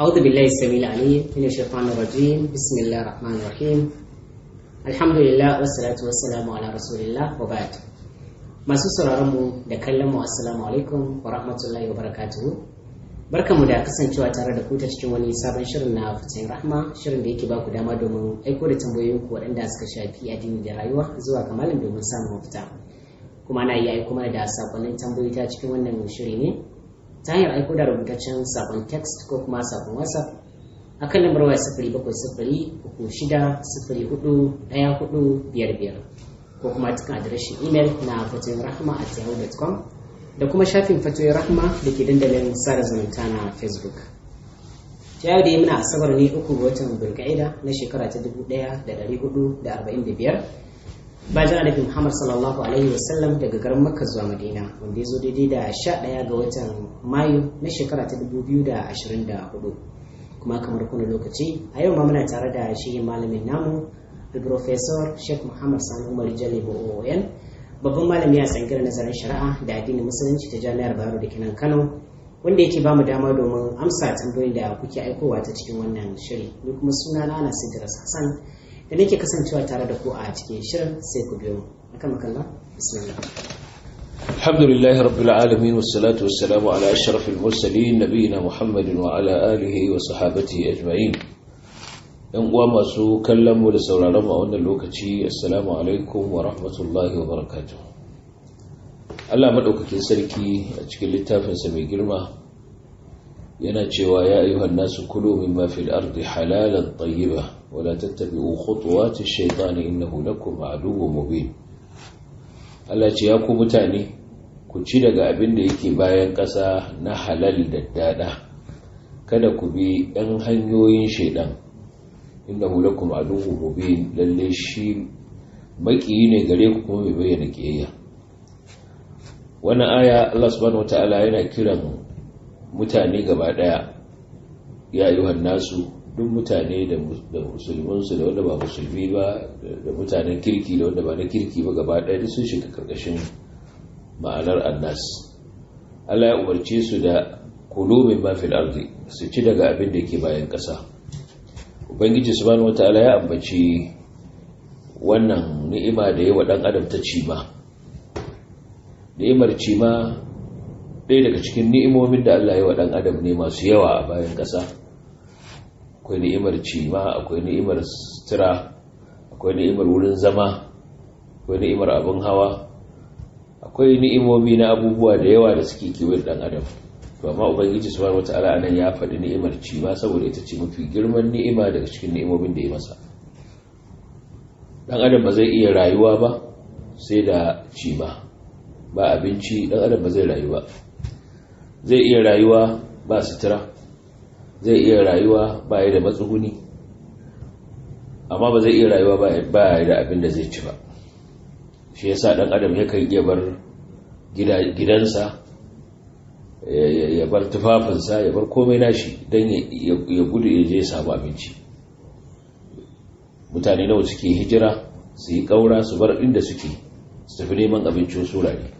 أعوذ بالله السميع العليم من الشيطان الرجيم بسم الله الرحمن الرحيم الحمد لله والصلاة والسلام على رسول الله وبعد masu sauraronmu da kallonmu assalamu alaikum wa rahmatullahi wa barakatuhu mu da kasancewa tare da ku ta cikin wani sabon shirin na fitayin rahma shirin da yake ba ku dama domin aiko da tambayoyin ku waɗanda suka shafi addini da rayuwa zuwa ga malam domin samun mafita kuma na iya aiko mana da sakonnin tambayoyi ta cikin wannan shiri ne ta hanyar aiko da rubutaccen sabon text ko kuma sabon whatsapp a kan lambar waya sifiri bakwai sifiri uku shida sifiri hudu ɗaya hudu biyar biyar ko kuma cikin adireshin imel na fatoyin rahama a da kuma shafin fatoyin rahama da ke dandalin sada zumunta na facebook ta yau da yi muna asabar ne uku ga watan bulga'ida na shekara ta dubu ɗaya da ɗari hudu da arba'in da biyar bayan ana nufin Muhammad sallallahu alaihi wasallam daga garin Makka zuwa Madina wanda ya zo daidai da sha 11 ga watan Mayu na shekara ta dubu da da ashirin hudu, kuma kamar kuna lokaci a yau ma muna tare da shi malamin namu da Professor Sheikh Muhammad Sani Umar Jalibu OON babban malami a tsangirar nazarin shari'a da addinin musulunci ta jami'ar Bayero da kinan Kano wanda yake ba mu dama domin amsa tambayoyin da kuke aikowa ta cikin wannan shiri ni kuma suna na Hassan da nake kasancewa tare da ku a cikin shirin sai ku biyo akan makalla bismillah الحمد لله رب العالمين والصلاة والسلام على أشرف المرسلين نبينا محمد وعلى آله وصحابته أجمعين ينقوى ما سو كلموا لسولا رمى أن اللوكتي السلام عليكم ورحمة الله وبركاته ألا مدعوك كي سركي أتكل التافن سمي قرمة يناتي ويا أيها الناس كلوا مما في الأرض حلالا طيبا ولا تتبعوا خطوات الشيطان إنه لكم عدو مبين Allah ce ya ku mutane ku ci daga abin da yake bayan ƙasa na halal da dada kada ku bi ɗan hanyoyin shaidan inda hulakum aduhu mubin lalle shi maƙiyi ne gare ku kuma mai bayyana kiyayya wannan aya Allah subhanahu wataala yana kiran mutane gaba ɗaya ya ayyuhan nasu duk mutane da musulmansu da wanda ba musulmi ba da mutanen kirki da wanda ba na kirki ba gaba ɗaya sun shiga ƙarƙashin ma'anar annas Allah ya umarci su da kulumin mafil arzi su ci daga abin da ke bayan ƙasa ubangiji subhanahu wata'ala ya ambaci wannan ni'ima da yawa ɗan adam ta cima ni'imar cima ɗaya daga cikin ni'imomin da Allah ya wa ɗan adam ne masu yawa a bayan ƙasa akwai ni'imar cima akwai ni'imar sutura akwai ni'imar wurin zama akwai ni'imar abin hawa akwai ni'imomi na abubuwa da yawa da suke kiwon dan adam to amma ubangiji subhanahu wataala anan ya faɗi ni'imar cima saboda ita ce mafi girman ni'ima daga cikin ni'imomin da ya masa dan adam ba zai iya rayuwa ba sai da cima ba abinci dan adam ba zai rayu ba zai iya rayuwa ba sutura zai iya rayuwa ba ya da matsuguni amma ba zai iya rayuwa ba ya da abin da zai ci ba shi yasa ɗan adam ya kan iya bar gidansa ya bar tufafinsa ya bar komai nashi don ya gudu ya je ya samu abinci mutane nawa suke hijira su yi ƙaura su bar inda suke su tafi neman abincin sura ne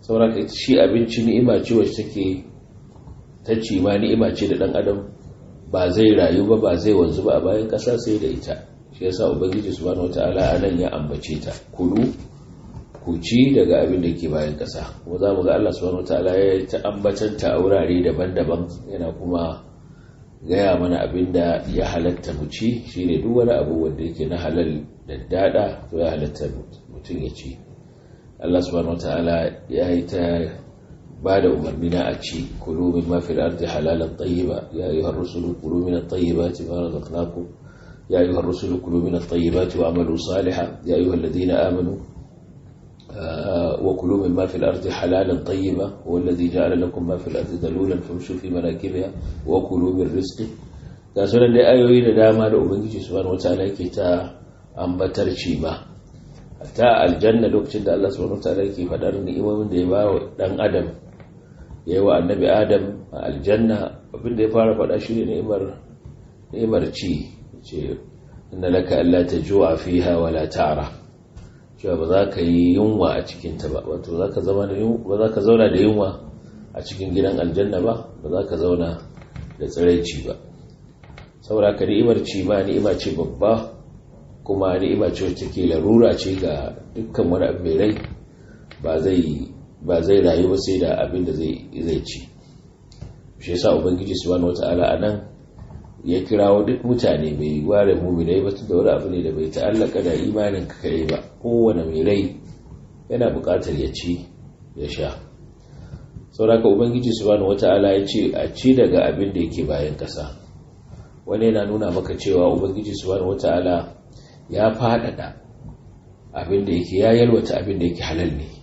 sauraka shi abinci ni'ima ce wacce take ta ce ma ni'ima ce da ɗan adam ba zai rayu ba ba zai wanzu ba a bayan ƙasa sai da ita shi yasa ubangiji subhanahu wataala a nan ya ambace ta kulu ku ci daga abin da ke bayan ƙasa kuma za mu ga Allah subhanahu wataala ya ta ambatan ta a wurare daban-daban yana kuma gaya mana abin da ya halatta mu ci shine duk wani abu wanda yake na halal da dada to ya halatta mutum ya ci Allah subhanahu wataala ya yi ta ba da umarni na a ci kulu min ma fil ardi halalan tayyiba ya ayyuhar rusulu kulu min at-tayyibati ma razaqnakum يا أيها الرسل كلوا من الطيبات وعملوا صالحا يا أيها الذين آمنوا وكلوا مما في الأرض حلالا طيبا والذي جعل لكم ما في الأرض دلولا فامشوا في مناكبها وكلوا من رزقه ga sunan dai ayoyi da dama da ubangiji subhanahu wataala ke ta ambatar shi ba ta aljanna lokacin da Allah subhanahu wataala yake fadar ni'imomin da ya ba wa dan adam ya yi wa annabi adam a aljanna abinda ya fara faɗa shi ne ni'imar ci ce inna laka alla tajua hawa la ta'ra cewa ba za ka yi yunwa a cikin ba wato ba za ka zauna da yunwa a cikin gidan aljanna ba ba za ka zauna da tsiraici ba saboda ka ni'imar ci ma ni'ima ce babba kuma ni'ima ce wacce ke larura ce ga dukkan wani abu mai rai ba zai ba zai rayu ba sai da abin da zai ci shi yasa ubangiji subhanahu wata'ala a nan ya kirawo duk mutane mai ware muminai ba batu da wani abu ne da bai ta'allaka da imanin ka kai ba kowane mai rai yana bukatar ya ci ya sha sauraka ubangiji subhanahu wata'ala ya ce a ci daga abin da yake bayan kasa wani yana nuna maka cewa ubangiji subhanahu wata'ala ya faɗaɗa abin da yake ya yalwata abin da yake halal ne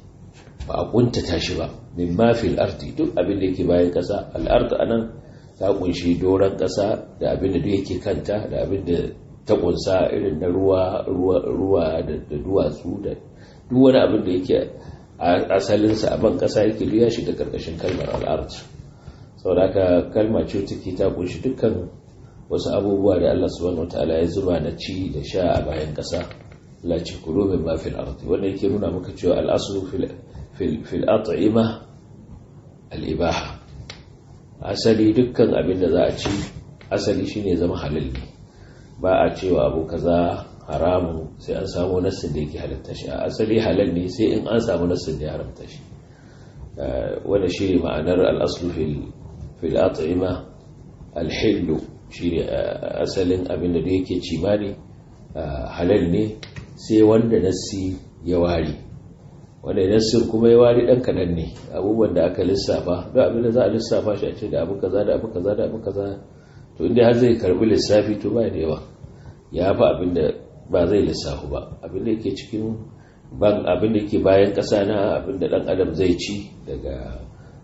ba a kuntata shi ba min mafil ardi duk abin da yake bayan kasa a anan ta kunshi doron kasa da abin da duk yake kanta da abin da ta kunsa irin na ruwa ruwa da duwatsu da duk wani abin da yake asalinsa a ban kasa yake ya da karkashin kalmar al'ard saboda ka kalma ce take ta kunshi dukkan wasu abubuwa da Allah subhanahu wataala ya zuba na ci da sha a bayan kasa la ci kulu ma fil ardi wanda yake nuna muka cewa al'asu fil في الأطعمة الإباحة asali dukkan abin da za a ci asali shine zama halal ne ba a cewa abu kaza haramun sai an samu nassin da yake halatta shi a asali halal ne sai in an samu nassin da ya haramta shi wanda shi ma'anar al'aslu fil at'ima alhillu shi asalin abin da yake ci ma ne halal ne sai wanda nassi ya ware wanda idan sir kuma ya wari dan kadan ne abubuwan da aka lissafa duk abin da za a lissafa shi a ce da abu kaza da abu kaza da abu kaza to inda har zai karbi lissafi to ba da yawa ya fa abin da ba zai lissafu ba abin da yake cikin ban abin da yake bayan kasa na abin da dan adam zai ci daga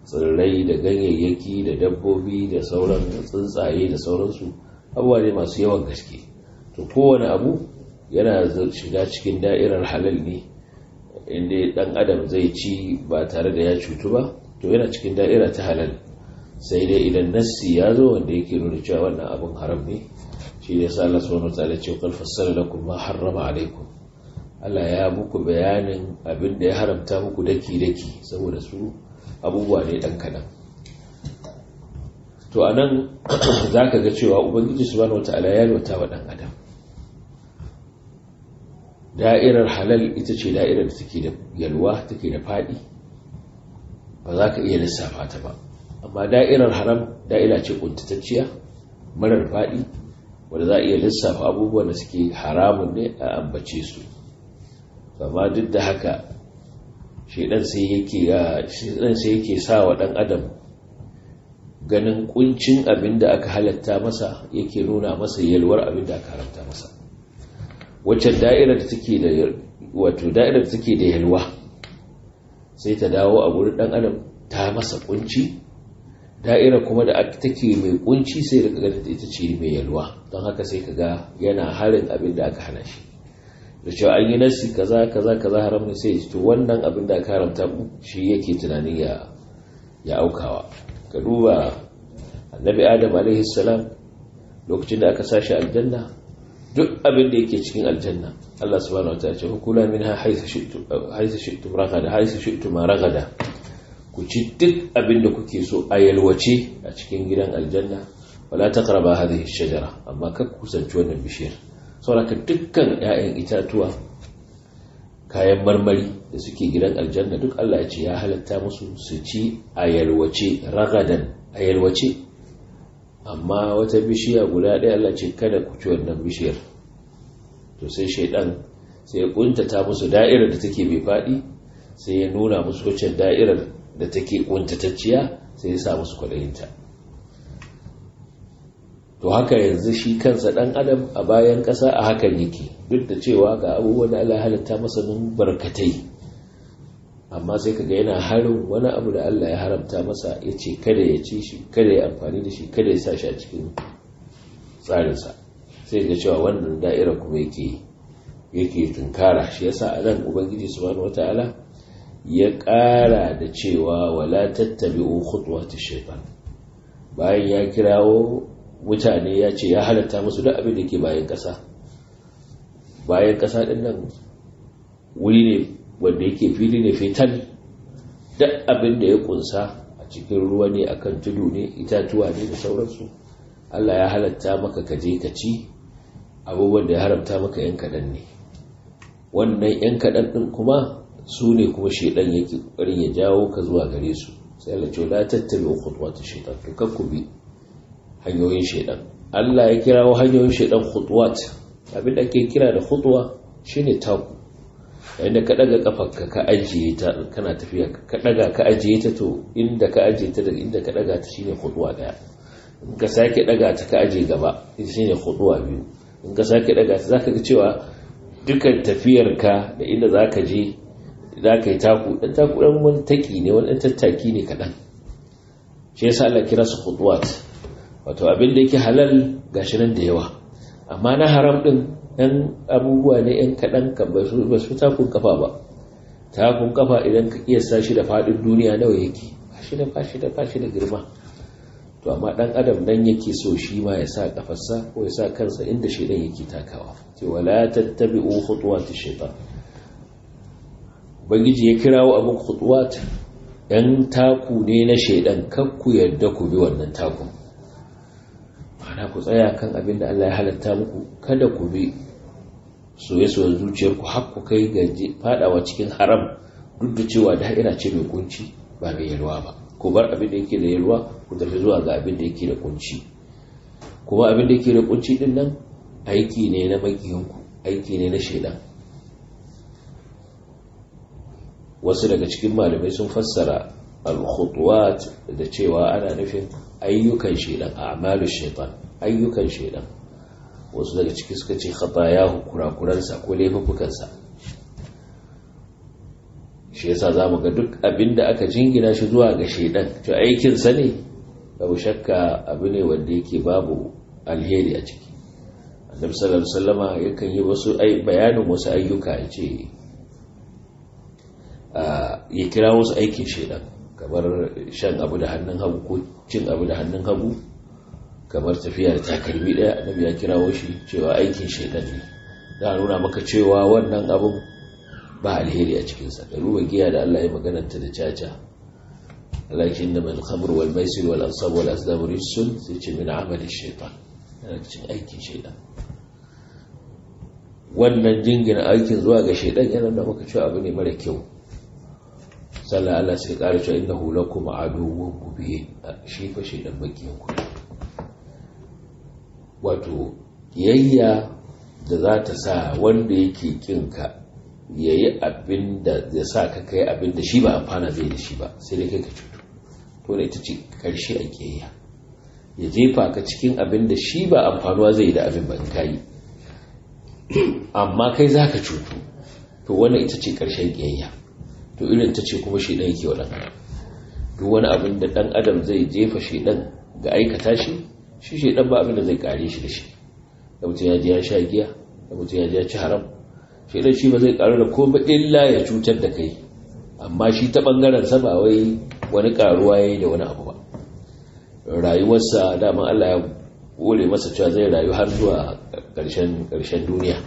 tsirrai da ganyayyaki da dabbobi da sauran tsuntsaye da sauransu abubuwa ne masu yawan gaske to kowane abu yana shiga cikin da'irar halal ne inda dan adam zai ci ba tare da ya cutu ba to yana cikin da'ira ta halal sai dai idan nassi ya zo wanda yake nuna cewa wannan abin haram ne shi ne sa Allah subhanahu wataala ce qul fassara lakum ma harrama alaikum Allah ya muku bayanin abin da ya haramta muku daki daki saboda su abubuwa ne dan kadan to anan zaka ga cewa ubangiji subhanahu wataala ya lota wa dan adam da'irar halal ita ce da'irar da take da yalwa take da faɗi ba za ka iya lissafa ta ba amma da'irar haram da'ira ce kuntatacciya marar faɗi wanda za a iya lissafa abubuwan da suke haramun ne a ambace su amma duk da haka shaidan sai yake sa wa ɗan adam ganin kuncin abin da aka halatta masa yake nuna masa yalwar abin da aka haramta masa wacce da'irar da suke da wato da'irar da take da yalwa sai ta dawo a gurin dan adam ta masa kunci da'irar kuma da take mai kunci sai da kaga ita ce mai yalwa don haka sai ka ga yana harin abin da aka hana shi da cewa an yi nasi kaza kaza kaza haram ne sai to wannan abin da aka haramta shi yake tunanin ya ya aukawa ka duba annabi adam alaihi salam lokacin da aka sashi aljanna duk abin da yake cikin aljanna Allah subhanahu wa ta'ala ce kula minha haisa, shi'tum ragada haythu ma ragada ku ci duk abin da kuke so a yalwace a cikin gidan aljanna wala taqraba hadhihi shajara amma kar kusanci wannan bishiyar saboda dukkan 'ya'yan itatuwa kayan marmari da suke gidan aljanna duk Allah ya ce ya halatta musu su ci a yalwace ragadan a yalwace amma wata bishiya guda ɗaya Allah ce kada ku ci wannan bishiyar to sai shaidan sai ya kuntata musu da'irar da take mai faɗi sai ya nuna musu wacce da'irar da take kuntatacciya sai ya sa musu kwaɗayinta to haka yanzu shi kansa ɗan adam a bayan ƙasa a hakan yake duk da cewa ga abubuwan da Allah halitta masa nun barkatai amma sai ka ga yana harin wani abu da Allah ya haramta masa ya ce kada ya ci shi kada ya amfani da shi kada ya sa shi a cikin tsarinsa sai ga cewa wannan da'ira kuma yake yake tunkara shi yasa a nan ubangiji wani wataala ya ƙara da cewa wala tattabi kutuwa ta shaytan bayan ya kirawo mutane ya ce ya halatta musu duk abin da ke bayan kasa bayan ƙasa ɗin nan wuri ne wanda yake fili ne fetal duk abin da ya kunsa a cikin ruwa ne akan tudu ne itatuwa ne da sauransu Allah ya halatta maka ka je ka ci abubuwan da ya haramta maka yan kaɗan ne wannan yan kaɗan ɗin kuma su ne kuma shaidan yake ƙoƙarin ya jawo ka zuwa gare su sai Allah ce la tattabi khutwat shaitan to kanku bi hanyoyin shaidan Allah ya kirawo hanyoyin shedan khutwat abin da ake kira da khutwa shine taku inda ka daga kafarka ka ajiye ta kana tafiya ka daga ka ajiye ta to inda ka ajiye ta daga inda ka daga ta shine kuduwa daya in ka sake daga ta ka ajiye gaba shine kuduwa biyu in ka sake daga ta zaka ga cewa dukan tafiyar ka da inda zaka je zaka yi taku dan taku dan wani taki ne wani dan tattaki ne kadan shi yasa Allah kira su khuduwat wato abin da yake halal gashi nan da yawa amma na haram din ɗan abubuwa ne ‘yan kaɗan ba su takun kafa ba takun kafa idan ka sa shi da faɗin duniya nawa yake ba shi da ba da fashi da girma to amma ɗan adam dan yake so shi ma ya sa kafarsa ko ya sa kansa inda shaidan yake takawa ce wala hutuwa ta shaitan ubangiji ya kirawo abin ta ɗan taku ne na shaidan kan ku yarda ku bi wannan takun na ku tsaya kan abin da Allah ya halatta muku kada ku bi soye-soyen zuciyarku har ku kai ga fadawa cikin haram duk da cewa da da'ira ce mai kunci ba mai yalwa ba ku bar abin da yake da yalwa ku tafi zuwa ga abin da yake da kunci kuma abin da yake da kunci din nan aiki ne na makiyanku aiki ne na shaidan wasu daga cikin malamai sun fassara al-khutuwat da cewa ana nufin ayyukan shaidan a'malu shaitan ayyukan shaidan wasu daga ciki suka ce khatayahu kurakuransa ko laifukansa shi yasa za mu ga duk abin da aka jingina shi zuwa ga shaidan to aikinsa ne babu shakka abu ne wanda yake babu alheri a ciki annabi sallallahu alaihi wasallama yakan yi wasu bayanin wasu ayyuka ya ce ah, ya kira wasu aikin shaidan kamar shan abu da hannun hagu ko cin abu da hannun hagu kamar tafiya da takalmi ɗaya annabi ya kirawo shi cewa aikin shaidan ne za a nuna maka cewa wannan abin ba alheri a cikinsa da ruba giya da Allah ya magananta da caca lakin da mai khamr wal maisir wal ansab wal azlam rijsun sai ce min amali shaitan yana cikin aikin shaitan wannan jingina aikin zuwa ga shaitan yana da maka cewa abu ne mara kyau sallallahu alaihi wasallam sai ya ƙara cewa innahu lakum aduwwun mubin shi fa shaitan makiyanku wato kiyayya da za ta sa wanda yake kinka ya yi abin da ya sa ka kai abin da shi ba amfana zai da shi ba sai dai kai ka cutu to ne ita ce karshe a kiyayya ya jefa ka cikin abin da shi ba amfanuwa zai da abin ban amma kai za ka cutu to wannan ita ce karshen kiyayya to irin ta ce kuma shedan yake wa duk wani abin da ɗan adam zai jefa shedan ga aikata shi shi shi dan ba abin da zai kare shi da shi da mutum ya ji ya sha giya da mutum ya ji ya ci haram shi dan shi ba zai karu da komai illa ya cutar da kai amma shi ta bangaren sa ba wai wani karuwa yayi da wani abu ba rayuwarsa dama Allah ya kore masa cewa zai rayu har zuwa ƙarshen karshen duniya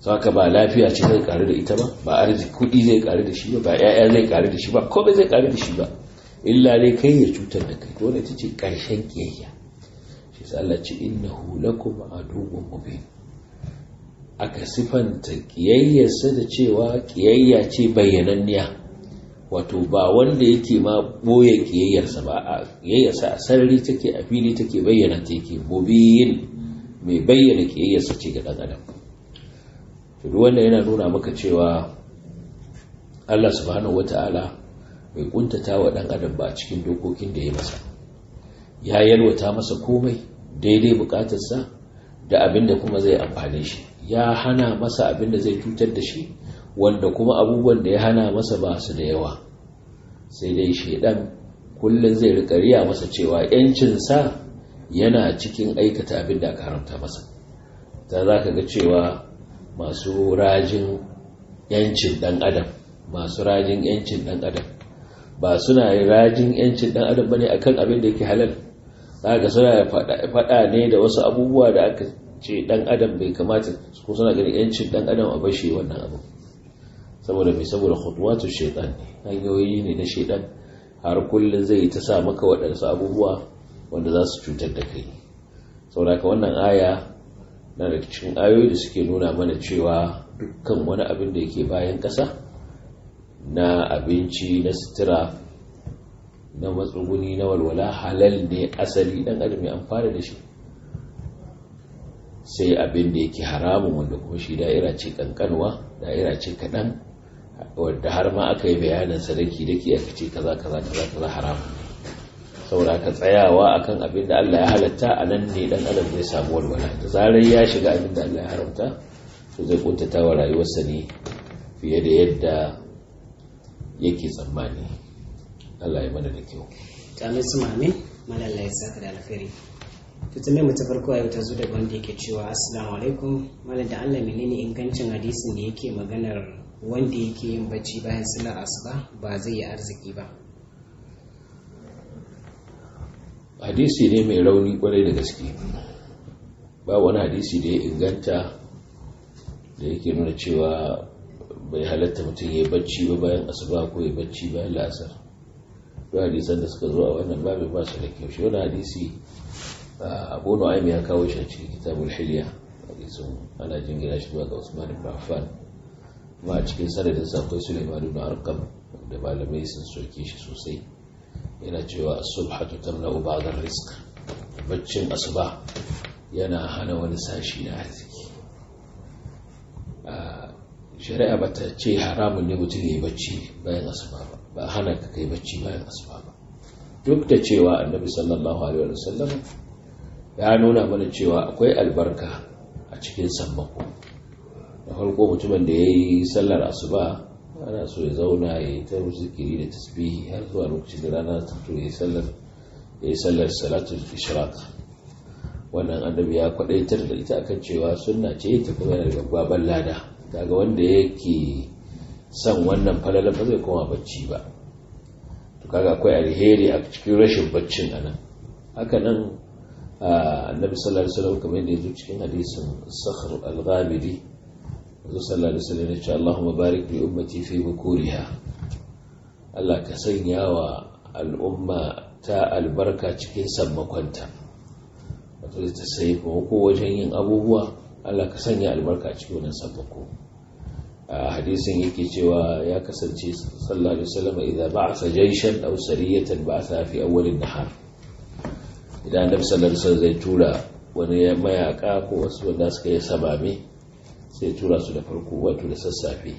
saka ba lafiya ce zai karu da ita ba ba arziki kuɗi zai karu da shi ba ba 'ya'ya zai karu da shi ba komai zai karu da shi ba illa ne kai ya cutar da kai to ta ce ƙarshen ƙiyayya. shi sa Allah ce kuma a dubun mubin aka sifanta ƙiyayyarsa da cewa ƙiyayya ce bayyananniya wato ba wanda yake ma ɓoye ƙiyayyarsa ba a ƙiyayyarsa a sarari take a fili take bayyana ta yake mubin mai bayyana ƙiyayyarsa ce ga dan adam to wanda yana nuna maka cewa Allah subhanahu wata'ala bai kuntata wa ɗan adam ba cikin dokokin da ya masa ya yalwata masa komai daidai bukatarsa da abin da kuma zai amfane shi ya hana masa abin da zai cutar da shi wanda kuma abubuwan da ya hana masa ba su da yawa sai dai shaidan kullum zai rikariya masa cewa yancinsa yana cikin aikata abin da aka haramta masa ta za ka ga cewa masu rajin yancin dan adam masu rajin yancin dan adam ba suna rajin yancin dan adam bane akan abin da yake halal haka suna faɗa ne da wasu abubuwa da aka ce dan adam bai kamata ko suna ganin yancin dan adam a bashi wannan abu saboda mai saboda khutwatu shaytan ne hanyoyi ne na shaytan har kullun zai ta sa maka waɗansu abubuwa wanda za su cutar da kai saboda ka wannan aya na da cikin ayoyi da suke nuna mana cewa dukkan wani abin da yake bayan ƙasa na abinci na sutura na matsuguni na walwala halal ne asali dan adam ya amfana da shi sai abin da yake haramun wanda kuma shi da'ira ce kankanwa da'ira ce kaɗan wadda har ma aka yi bayanin sadaki da ke yaka ce kaza kaza kaza kaza haramun saboda ka tsayawa akan abin da Allah ya halatta a nan ne dan adam zai samu walwala da zarar ya shiga abin da Allah ya haramta to zai kuntata wa rayuwarsa ne fiye da yadda yake tsammani Allah ya mana da kyau kamar su mami malalla ya saka da alkhairi to tambayar mu ta farko a yau ta zo daga wanda yake cewa assalamu alaikum malam da Allah menene ingancin hadisin da yake maganar wanda yake yin bacci bayan sallar asuba ba zai yi arziki ba hadisi ne mai rauni kwarai da gaske ba wani hadisi da ya inganta da yake nuna cewa bai halatta mutum ya bacci ba bayan asuba ko ya bacci bayan la'asar ba hadisan da suka zo a wannan babin ba su da kyau shi wani hadisi abu nu'aym ya kawo shi a cikin kitabul hilya hadisin ana jingira shi ga Usman ibn Affan kuma a cikin sanadin sa akwai Sulaiman ibn Arqam da malamai sun soke shi sosai yana cewa as-subhatu tamna'u ba'd ar-rizq baccin asuba yana hana wani sashi na arziki shari'a ba ta ce haramun ne mutum ya yi bacci bayan asuba ba ba hana ka kai bacci bayan asuba ba duk da cewa annabi sallallahu alaihi wa sallam ya nuna mana cewa akwai albarka a cikin sammako da farko mutumin da ya yi sallar asuba ana so ya zauna ya yi ta zikiri da tasbihi har zuwa lokacin da rana ta fito ya sallar ya yi sallar salatul ishraq wannan annabi ya kwadaitar da ita akan cewa sunna ce ta kuma da babban lada daga wanda yake son wannan falala ba zai koma bacci ba to kaga akwai alheri a cikin rashin baccin nan. haka nan annabi sallallahu alaihi wasallam kamar yadda cikin hadisin sahr al-ghamidi zo sallallahu alaihi wasallam ya ce Allahumma barik li ummati fi bukuriha Allah ka sanya wa al'umma ta albarka cikin sammakonta wato ta sai ko wajen yin abubuwa Allah ka sanya albarka cikin wannan sammako hadisin yake cewa ya kasance sallallahu alaihi wasallam idan sa jayshan aw sariyatan sa fi awwal an-nahar idan annabi sallallahu alaihi zai tura wani mayaka ko wasu wanda suka yi sabame sai tura su da farko wato da sassafe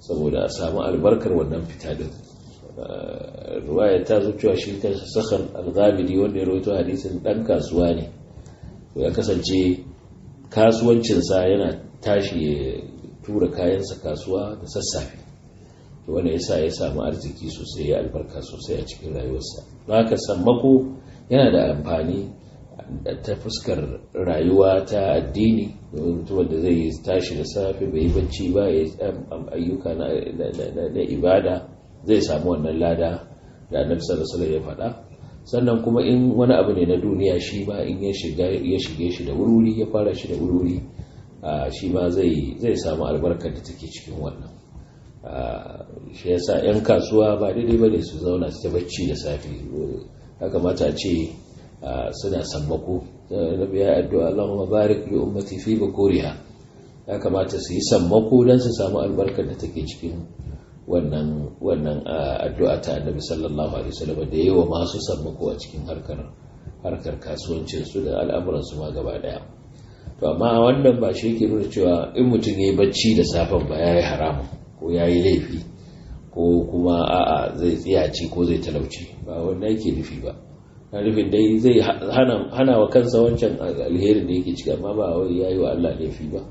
saboda a samu albarkar wannan fita din eh, ruwaya ta zo cewa shi kansa sakhar al-ghamidi wanda ya rawaito hadisin dan kasuwa ne ya kasance kasuwancinsa yana tashi tura kayansa kasuwa da sassafe to wanda ya sa ya samu arziki sosai ya albarka sosai a cikin rayuwarsa don haka sammako yana da amfani ta fuskar rayuwa ta addini mutumin da zai tashi da safe bai yi bacci ba ya um, um, ayyuka na ibada zai samu wannan lada da annabi sallallahu ya faɗa sannan kuma in wani abu ne na duniya shi ba in ya shige shi da wuri ya fara shi da wuri shi ma zai samu albarkar da take cikin wannan shi yasa 'yan kasuwa ba daidai ba ne su zauna su ta bacci da safe ya kamata a ce suna sammako na biya addu'a ma barik li ummati fi koriya, ya kamata su yi sammako don su samu albarkar da take cikin wannan wannan addu'a ta annabi sallallahu alaihi wasallam da wa masu sammako a cikin harkar harkar kasuwancin su da al'amuran su ma gaba daya to amma wannan ba shi yake nuna cewa in mutum ya yi bacci da safen ba ya yi haramun ko ya yi laifi ko kuma a'a zai tsiyaci ko zai talauci ba wannan yake nufi ba na nufin dai zai hana wa kansa wancan alherin da yake cika amma ba wai ya yi wa Allah laifi ba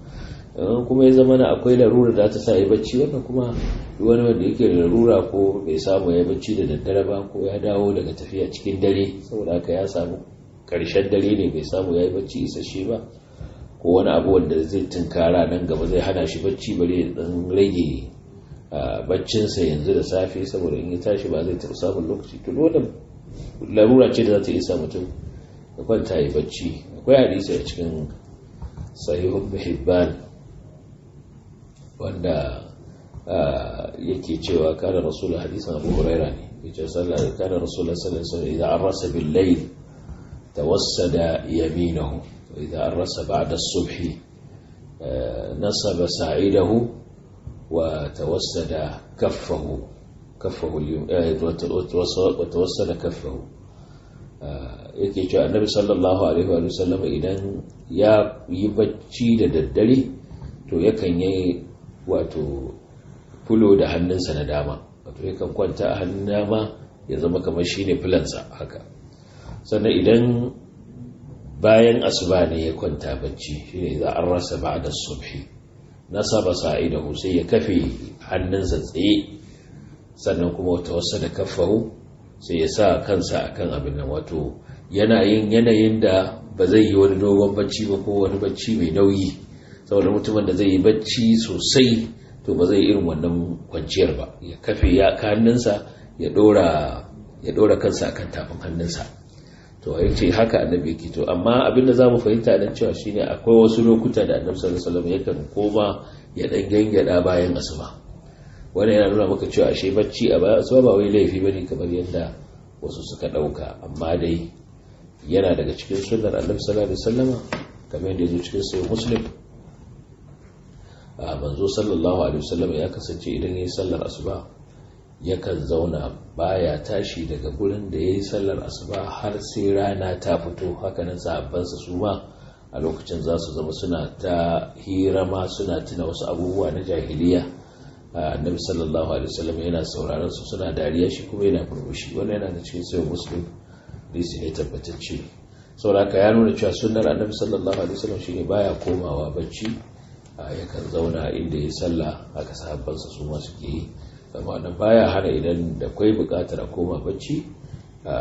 kuma ya zama na akwai larura da ta sa ya bacci wannan kuma wani wanda yake da larura ko bai samu ya bacci da daddare ba ko ya dawo daga tafiya cikin dare saboda haka ya samu karshen dare ne bai samu ya yi bacci isasshe ba ko wani abu wanda zai tunkara nan gaba zai hana shi bacci bare ya dan rage baccinsa yanzu da safe saboda in ya tashi ba zai taɓa samun lokaci to dole larura ce da za ta iya mutum ya kwanta ya bacci akwai hadisi a cikin sahihun muhibban wanda yake cewa kana rasul hadisan abu huraira ne yace sallar da kana rasul sallallahu alaihi wasallam idan arasa bil layl tawassada yaminahu إذا أرس بعد الصبح نصب ساعده وتوسد كفه كفه اليوم وتوسد كفه yake cewa annabi sallallahu alaihi wa sallam idan ya yi bacci da daddare to yakan yi wato fulo da hannunsa na dama wato yakan kwanta a hannun dama ya zama kamar shine filansa haka sannan idan bayan asuba ne ya kwanta bacci shi ne za a rasa ba da subhi na saba sa'idahu sai ya kafe hannunsa tsaye sannan kuma wata wasu da kafaru sai ya sa kansa a kan abin nan wato yin yanayin da ba zai yi wani dogon bacci ba ko wani bacci mai nauyi saboda mutumin da zai yi bacci sosai to ba zai irin wannan kwanciyar ba ya kafe ya hannunsa ya dora kansa akan tafin hannunsa to ya ce haka annabi yake to amma abinda za mu fahimta nan cewa shine akwai wasu lokuta da annabi sallallahu alaihi wasallam yakan koma ya dan gangada bayan asuba wannan yana nuna maka cewa ashe bacci a bayan asuba ba wai laifi bane kamar yadda wasu suka dauka amma dai yana daga cikin sunnar annabi sallallahu alaihi wasallama kamar yadda yazo cikin sahih muslim a ah, manzo sallallahu alaihi wasallam ya kasance idan yayin sallar asuba yakan zauna baya tashi daga gurin da ya yi sallar asuba har sai rana ta fito hakanan sahabbansa su ma a lokacin za su zama suna ta hira ma suna tuna wasu abubuwa na jahiliya annabi sallallahu alaihi wasallam yana sauraron su suna dariya shi kuma yana burbushi wannan yana da cikin sai muslim hadisi ne tabbatacce sauraka ya nuna cewa sunnar annabi sallallahu alaihi wasallam shine baya komawa bacci yakan zauna inda ya sallah haka sahabbansa su ma suke yi wannan baya hana idan da kwai bukatar a koma bacci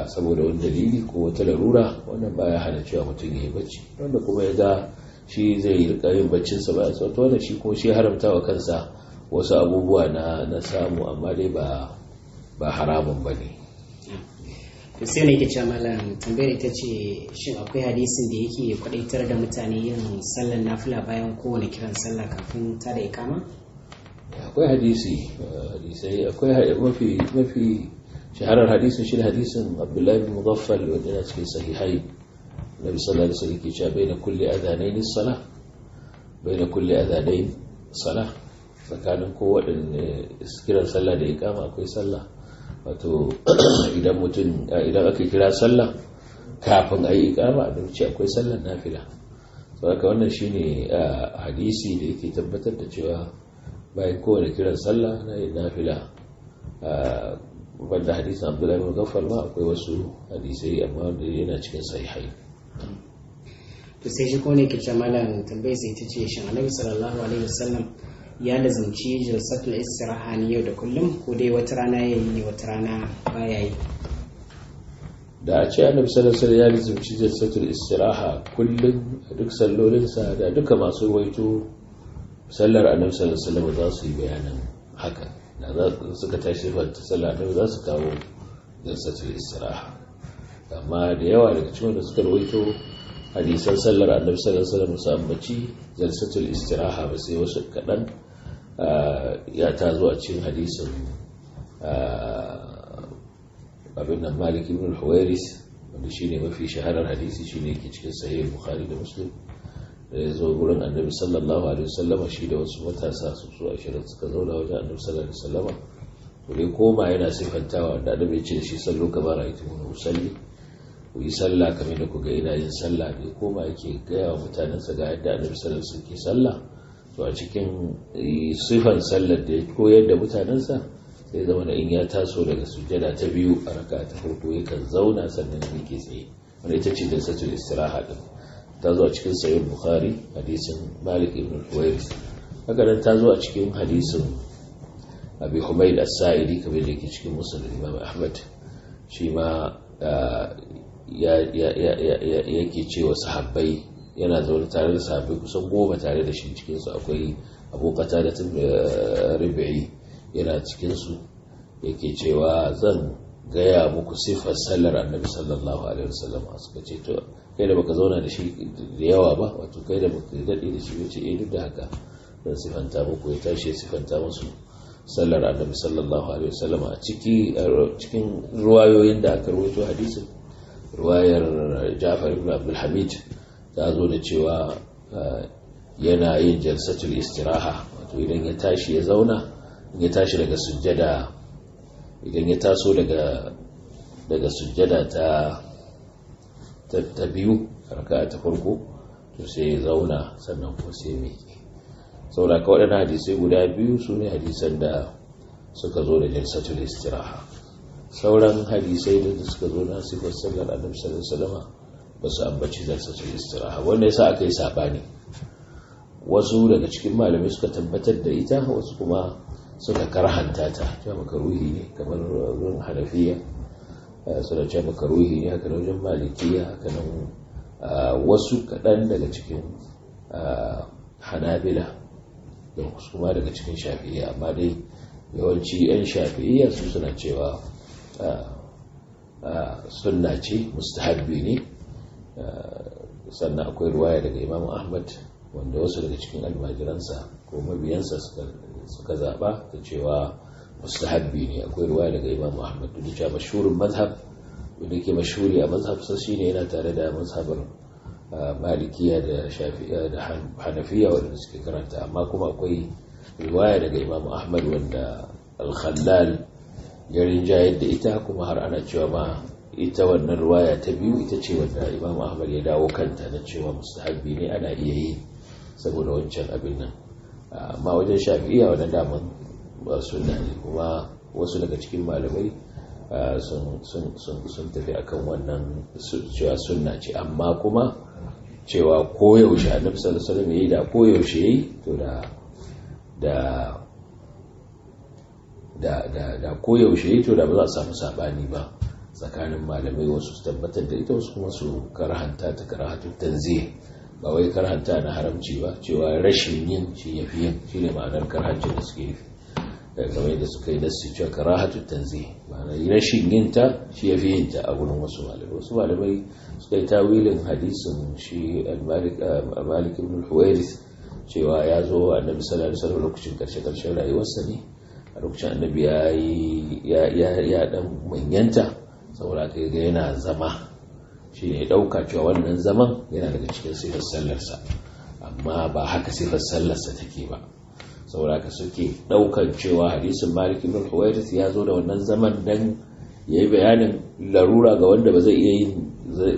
saboda wani dalili ko wata larura wannan baya hana cewa mutum ya yi bacci wanda kuma ya ga shi zai rika yin baccinsa ba ya to wanda shi ko shi haramta wa kansa wasu abubuwa na na samu amma dai ba ba haramun ba ne sai na ke cewa malam tambayar ita ce shin akwai hadisin da yake kwadaitar da mutane yin sallar nafila bayan kowane kiran sallah kafin ta da ikama akwai hadisi eh, hadisai akwai mafi mafi shaharar hadisin shi hadisin abdullahi bin muzaffal wanda yana cikin sahihai na sallallahu alaihi wasallam yake cewa baina kulli adhanayn as-salah baina kulli adhanayn salah tsakanin kowaɗanne kiran sallah da ya kama akwai sallah wato idan mutum idan aka kira sallah kafin ayi iqama a ce akwai sallar nafila saboda wannan shine eh, hadisi da yake tabbatar da cewa bayan kowane kiran sallah na yin nafila banda hadisin abdullahi bin gaffar ma akwai wasu hadisai amma da yana cikin sahihai to sai shi kone ke malam tambayi sai ta ce shi. annabi sallallahu alaihi wasallam ya lazumci jalsatul istiraha ne yau da kullum ko dai wata rana ya yi wata rana baya yi da a ce annabi sallallahu alaihi ya lazumci jalsatul istiraha kullum a duk sallolinsa da duka masu waito sallar annabi sallallahu alaihi wasallam za su yi bayanin haka da za ka tashi ba ta sallar annabi za su kawo jalsatul istiraha amma da yawa daga cikin da suka rawaito hadisan sallar annabi sallallahu alaihi wasallam su ambaci jalsatul istiraha ba sai wasu kadan ya ta zo a cikin hadisin abin da malik ibn al-huwairis wanda shine mafi shaharar hadisi shine yake cikin sahih bukhari da muslim da ya zo wurin annabi sallallahu alaihi wasallama shi da wasu matasa su su ashirin suka zauna wajen annabi sallallahu alaihi wasallama to dai koma yana sifantawa da annabi ya ce da shi san lokacin bara ita wani musalli ku yi sallah kamar da ku ga ina yin sallah dai koma yake gaya wa sa ga yadda annabi sallallahu alaihi wasallam ke sallah to a cikin eh, sifan sallar da ya koyar da mutanensa sai zama da in ya taso daga sujjada ta biyu a raka ta farko yakan zauna sannan yake tsaye wanda ita ce da satul istiraha din ta zo a cikin sayyid bukhari hadisin malik ibn al-huwais haka nan ta zo a cikin hadisin abi humaid as-sa'idi kamar da yake cikin musul imam ahmad shi ma ah, yake cewa sahabbai yana zaune tare da sahabbai kusan goma tare da shi cikinsu akwai abokata da tun ah, rubi'i yana cikinsu yake cewa zan gaya muku sifar sallar annabi sallallahu alaihi wasallam suka ce to kai da baka zauna da shi da yawa ba wato kai da baka daɗe da shi ya eh duk da haka zan sifanta muku ya tashi ya sifanta musu sallar annabi sallallahu alaihi wasallam a cikin ruwayoyin da aka rawaito hadisi ruwayar Ja'far ibn Abdul Hamid ta zo da cewa yana yin jalsatul istiraha wato idan ya tashi ya zauna ya tashi daga sujjada idan ya taso daga daga sujjada ta ta biyu raka ta farko to sai zauna sannan ko sai miƙe saboda ka waɗannan hadisai guda biyu su ne hadisan da suka zo da jalsatul istiraha sauran hadisai da suka zo na sifar sallar annabi sallallahu alaihi ba su ambaci jalsatul istiraha wanda yasa aka yi sabani wasu daga cikin malamai suka tabbatar da ita wasu kuma suka karhanta ta ta makaruhi ne kamar ruwan hanafiya Eh, suna ce makaruhi ne haka wajen malikiya haka nan ah, wasu kaɗan daga cikin ah, hanabila da kuma daga cikin shafi'iyya amma dai yawanci 'yan shafi'iyya su suna cewa ah, sunna ce mustahabbi ne sannan akwai ruwaya daga imam ahmad wanda wasu daga cikin almajiransa ko mabiyansa suka zaɓa ta cewa mustahabbi ne akwai ruwaya daga imamu ahmad duk cewa mashhurin mazhab wanda ke mashhuri a mazhab sa shine yana tare da mazhabar malikiya da shafi'a da hanafiya wanda suke karanta amma kuma akwai ruwaya daga imamu ahmad wanda al-khallal ya rinjayar da ita kuma har ana cewa ma ita wannan riwaya ta biyu ita ce wanda imamu ahmad ya dawo kanta na cewa mustahabbi ne ana iya yi saboda wancan abin nan amma wajen shafi'iya wannan daman ba sunna ne kuma wasu daga cikin malamai sun tafi akan wannan cewa sunna ce amma kuma cewa koyaushe annabi sallallahu alaihi wasallam yi da koyaushe yi to da da koyaushe yi to da ba za a samu saɓani ba tsakanin malamai wasu su tabbatar da ita wasu kuma su karahanta ta karahatu tanzih ba wai karhanta na haramci ba cewa rashin yin shi ya fi yin shine ma'anar karhancin da suke yi kamar yadda suka yi nassi cewa karahatu tanzih ma'ana rashin yin ta shi yafi yin ta a gurin wasu malamai wasu malamai suka yi tawilin hadisin shi al-malik ah, ibn al cewa ya zo annabi sallallahu alaihi wasallam lokacin karshe karshen rayuwarsa ne a lokacin annabi ya yi ya dan manyanta saboda ka ga yana zama shi ne dauka cewa wannan zaman yana daga cikin sifar sallarsa amma ba haka sifar sallarsa take ba sauraka suke daukan cewa hadisin malik ibn huwairis ya zo da wannan zaman dan yayi bayanin larura ga wanda ba zai iya yin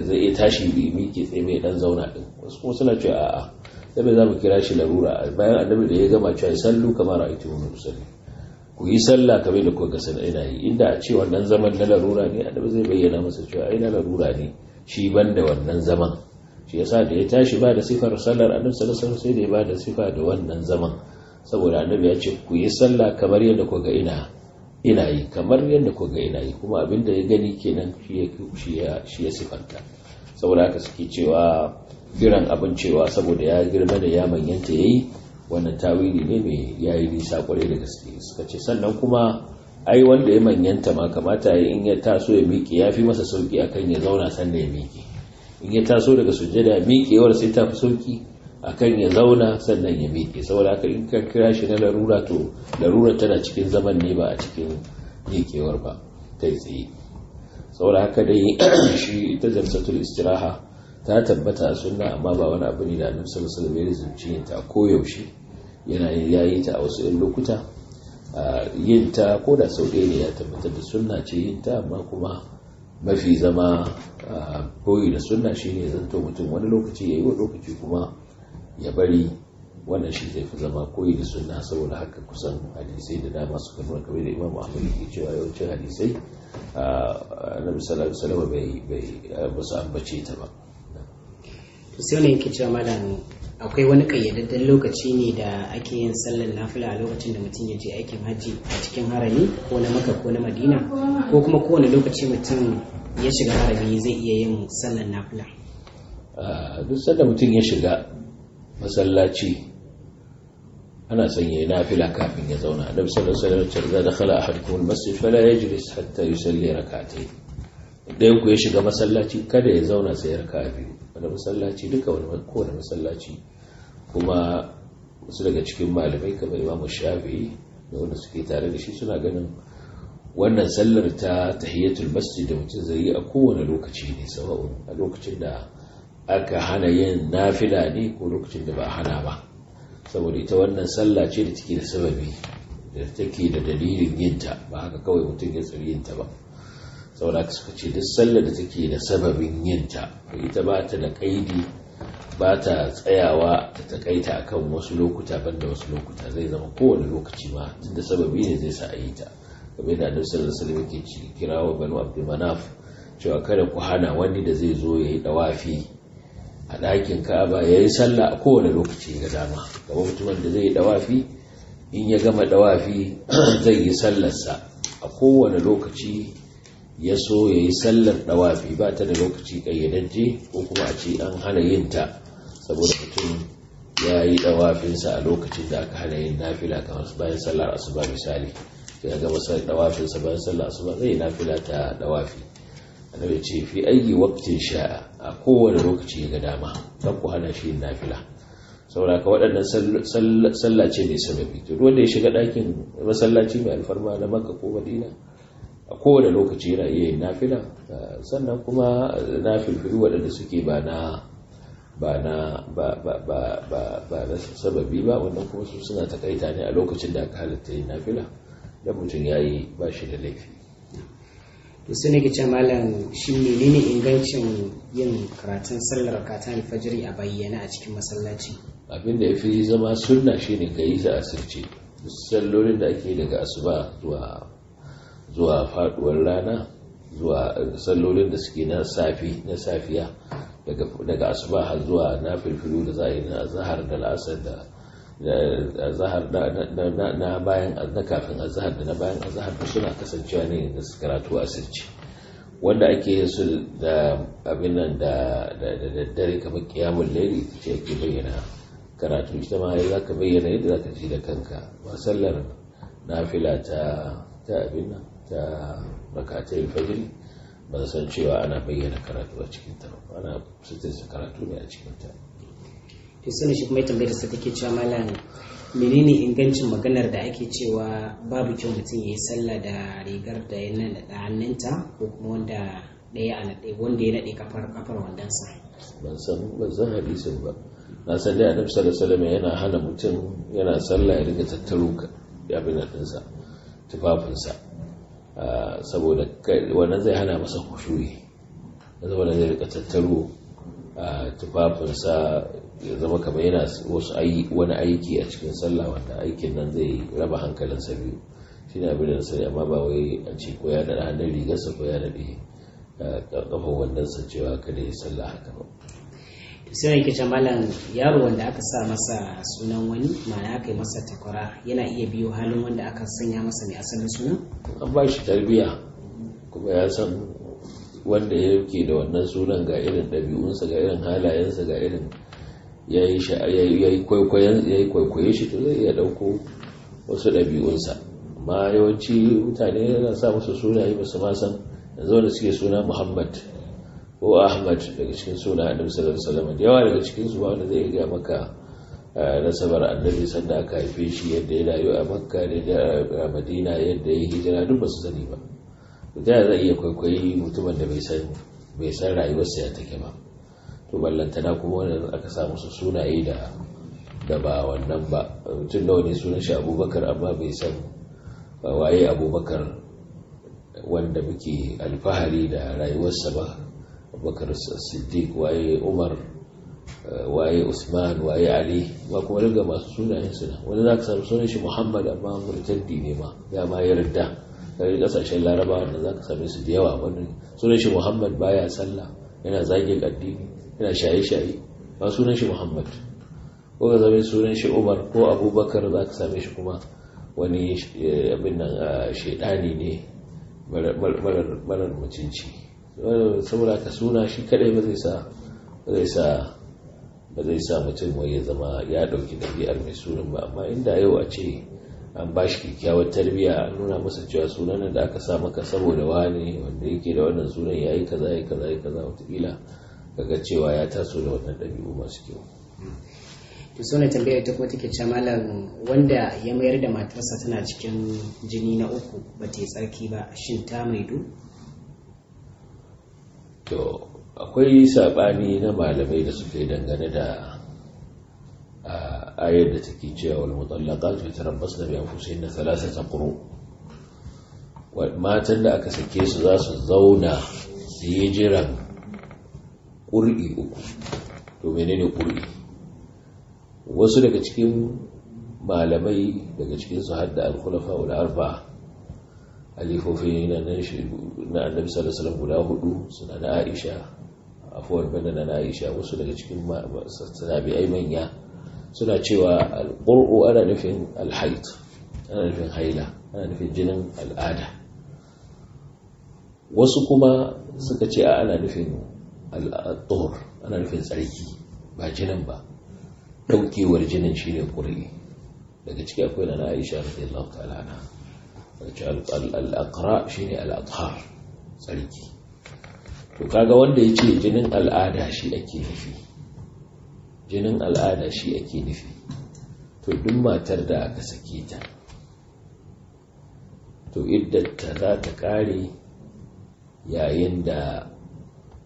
zai iya tashi da miki tsaye mai dan zauna din wasu kuma suna cewa a'a sai bai zamu kira shi larura bayan annabi da ya gama cewa sallu kamar ra'aytu min musalli ku yi sallah kamar da kuka san ina yi inda a ce wannan zaman na larura ne annabi zai bayyana masa cewa ai na larura ne shi banda wannan zaman shi yasa da ya tashi ba da sifar sallar annabi sallallahu alaihi wasallam sai da ya ba da sifa da wannan zaman saboda annabi ya ce ku yi sallah kamar yadda ku ga ina ina yi kamar yadda ku ga ina yi kuma abinda ya gani kenan shi ya shi ya sifanta saboda haka suke cewa jiran abin cewa saboda ya girma da ya manyanta yayi wannan tawili ne mai yayi nisa kwarai da gaske suka ce sannan kuma ai wanda ya manyanta ma kamata ya in ya taso ya miƙe ya fi masa sauki akan ya zauna sannan ya miƙe in ya taso daga sujjada miƙewar sai ta fi sauki akan ya zauna sannan ya miƙe saboda haka in ka kira shi na larura to larura tana cikin zaman ne ba a cikin miƙewar ba kai tsaye saboda haka dai shi ta jalsatul istiraha ta tabbata a sunna amma ba wani abu ne da annabi sallallahu alaihi wasallam ya yin ta koyaushe yana yin yayi ta a wasu 'yan lokuta yin ta ko da sau ɗaya ne ya tabbatar da sunna ce yin ta amma kuma mafi zama koyi da sunna shine zanto mutum wani lokaci yayi wani lokaci kuma ya bari wannan shi zai fi zama koyi da suna saboda haka kusan hadisai da dama suka nuna kamar da imam ahmad ke cewa yawancin hadisai a na alaihi bai basu ba su ambace ta ba to sai wani yake cewa malam akwai wani kayyadadden lokaci ne da ake yin sallar nafila a lokacin da mutum ya je aikin hajji a cikin harami ko na maka ko na madina ko kuma kowane lokaci mutum ya shiga harami zai iya yin sallar nafila duk sanda mutum ya shiga masallaci ana sanya fila kafin ya zauna annabi sallallahu alaihi wasallam ya da khala ahadukum masjid fala yajlis hatta yusalli rak'atayn idan ku ya shiga masallaci kada ya zauna sai raka'a biyu wani masallaci duka wani kowane masallaci kuma wasu daga cikin malamai kamar imamu shafe da wanda suke tare da shi suna ganin wannan sallar ta tahiyatul masjid da mutum zai yi a kowane lokaci ne sawa'un a lokacin da aka hana yin nafila ne ko lokacin da ba hana ba saboda ita wannan sallah ce da take da sababi da take da dalilin yinta ba haka kawai mutum ya tsari yinta ba saboda aka suka ce duk sallar da take da sababin yinta ita ba ta da kaidi ba ta tsayawa ta takaita kan wasu lokuta ban da wasu lokuta zai zama kowane lokaci ma tunda sababi ne zai sa a yi ta kamar da annabi sallallahu alaihi wasallam yake kirawo banu abdul manaf cewa kada ku hana wani da zai zo ya yi dawafi a ɗakin ka'aba ya yi sallah a kowane lokaci ga dama gaba mutumin da zai yi dawafi in ya gama dawafi zai yi sallarsa a kowane lokaci ya so ya yi sallar dawafi ba ta da lokaci ƙayyadajje ko kuma a ce an hana yin ta saboda mutum ya yi dawafinsa a lokacin da aka hana yin nafila kamar bayan sallar asuba misali sai ya gama sallar dawafinsa bayan sallar asuba zai yi nafila ta dawafi annabi ce fi aiki waqtin sha'a a kowane lokaci ga dama dan ku hana shi nafila saboda ka waɗannan sallace mai sababi to wanda ya shiga ɗakin masallaci mai alfarma na maka ko madina a kowane lokaci yana iya yin nafila sannan kuma nafilfilu waɗanda suke ba na ba na ba ba ba ba sababi ba wannan kuma su suna takaita ne a lokacin da aka halatta yin nafila da mutum ya yi ba shi da laifi to ne ce malam shi menene ingancin yin karatun sallar katan alfajiri a bayyana a cikin masallaci abin da fi zama sunna shine ka yi ta asirce sallolin da ake daga asuba zuwa zuwa faduwar rana zuwa sallolin da suke na safi na safiya daga asuba har zuwa na filfilu da za a yi na zahar da la'asar da na bayan na kafin azahar da na bayan azahar da suna kasancewa ne da karatu a sirci wanda ake yin su da abin nan da daddare kamar kiyamun lairi ita ce ake bayyana karatu ita ma za ka bayyana yadda za ka ji da kanka ba sallar nafila ta ta abin nan ta bakatai fajiri ba san cewa ana bayyana karatu a cikin ta ana su karatu ne a cikin ta to sai shi kuma ya tambaye da take cewa malami menene ingancin maganar da ake cewa babu kyau mutum ya yi sallah da rigar da ya da hannunta ko kuma wanda daya a naɗe wanda ya naɗe kafar kafar sa ban san ban san hadisin ba na san dai annabi sallallahu alaihi yana hana mutum yana sallah ya riga tattaro abin sa tufafin tufafinsa ah, saboda wannan zai hana masa kushuri saboda zai rika tattaro ah, tufafinsa ya zama kamar yana wasu wani aiki a cikin sallah wanda aikin nan zai raba sa biyu shi ne abin da sani amma ba wai a ce ko ya daɗa hannun rigarsa ko ya daɗe wannan sa cewa kada ya sallah haka ba sai yake ce malam yaro wanda aka sa masa sunan wani ma'ana aka yi masa takwara yana iya biyo halin wanda aka sanya masa mai asalin sunan an ba shi tarbiyya kuma ya san wanda yake da wannan sunan ga irin ɗabi'unsa ga irin halayensa ga irin ya yi kwaikwaye shi to zai iya ɗauko wasu ɗabi'unsa amma yawanci mutane yana sa musu sunaye yi masan masan san yanzu wanda suke suna muhammad ko ahmad daga cikin suna annabi sallallahu alaihi wasallam yawa daga cikin su ba wanda zai iya maka eh, nasabar annabi sanda aka haife shi yadda ya rayu a makka da eh, a madina yadda ya hijira duk ba su sani ba mutum zai iya kwaikwayi mutumin da bai san rayuwarsa ya take ba to ballantana kuma wannan aka samu su sunaye da da ba wannan ba mutum da wani sunan shi abubakar amma bai san waye abubakar wanda muke alfahari da rayuwarsa ba abubakar siddiq waye umar waye usman waye ali ba kuma daga masu sunayen suna wani za ka samu sunan shi muhammad amma murtaddi ne ma ya ma yarda gari kasashen larabawa wanda za ka same su da yawa wani sunan shi muhammad baya sallah yana zagin addini yana shaye-shaye ba sunan shi muhammad ko ga zama sunan shi umar ko abubakar za ka same shi kuma wani eh, abin nan ah, shaidani ne marar mutunci saboda ka suna shi kadai ba zai sa ba zai sa ba zai sa mutum wai ya zama ya dauki ɗabi'ar mai sunan ba amma inda yau a ce an ba shi kyakkyawar tarbiyya an nuna masa cewa sunan da aka sa maka saboda wani wanda yake da wannan sunan ya yi kaza ya kaza ya kaza wataƙila daga cewa ya taso da wannan ɗabi'u masu kyau to so na tambayar ta kuma take ce malam wanda ya mayar da matarsa tana cikin jini na uku ba ta yi tsarki ba shin ta maido to akwai saɓani na malamai da suke dangane da ayar da take cewa wal mutallaqat yatarabbasna bi anfusihinna ta quru matan da aka sake su za su zauna su yi jiran ƙur'i uku to menene ƙur'i wasu daga cikin malamai daga cikin su hadda al-khulafa wal arba'a alifofi na annabi sallallahu guda hudu suna na Aisha afuwar bana na Aisha wasu daga cikin sahabi manya suna cewa al-qur'u ana nufin al ana nufin haila ana nufin jinin al'ada wasu kuma suka ce ana nufin al'ador ana nufin tsarki ba jinin ba ɗaukewar jinin shi ne ƙuri daga ciki akwai na aisha da Allah ta'ala na wacce shi ne al'adhar tsarki to kaga wanda ya ce jinin al'ada shi ake nufi jinin al'ada shi ake nufi to duk matar da aka sake ta to ta za ta ƙare yayin da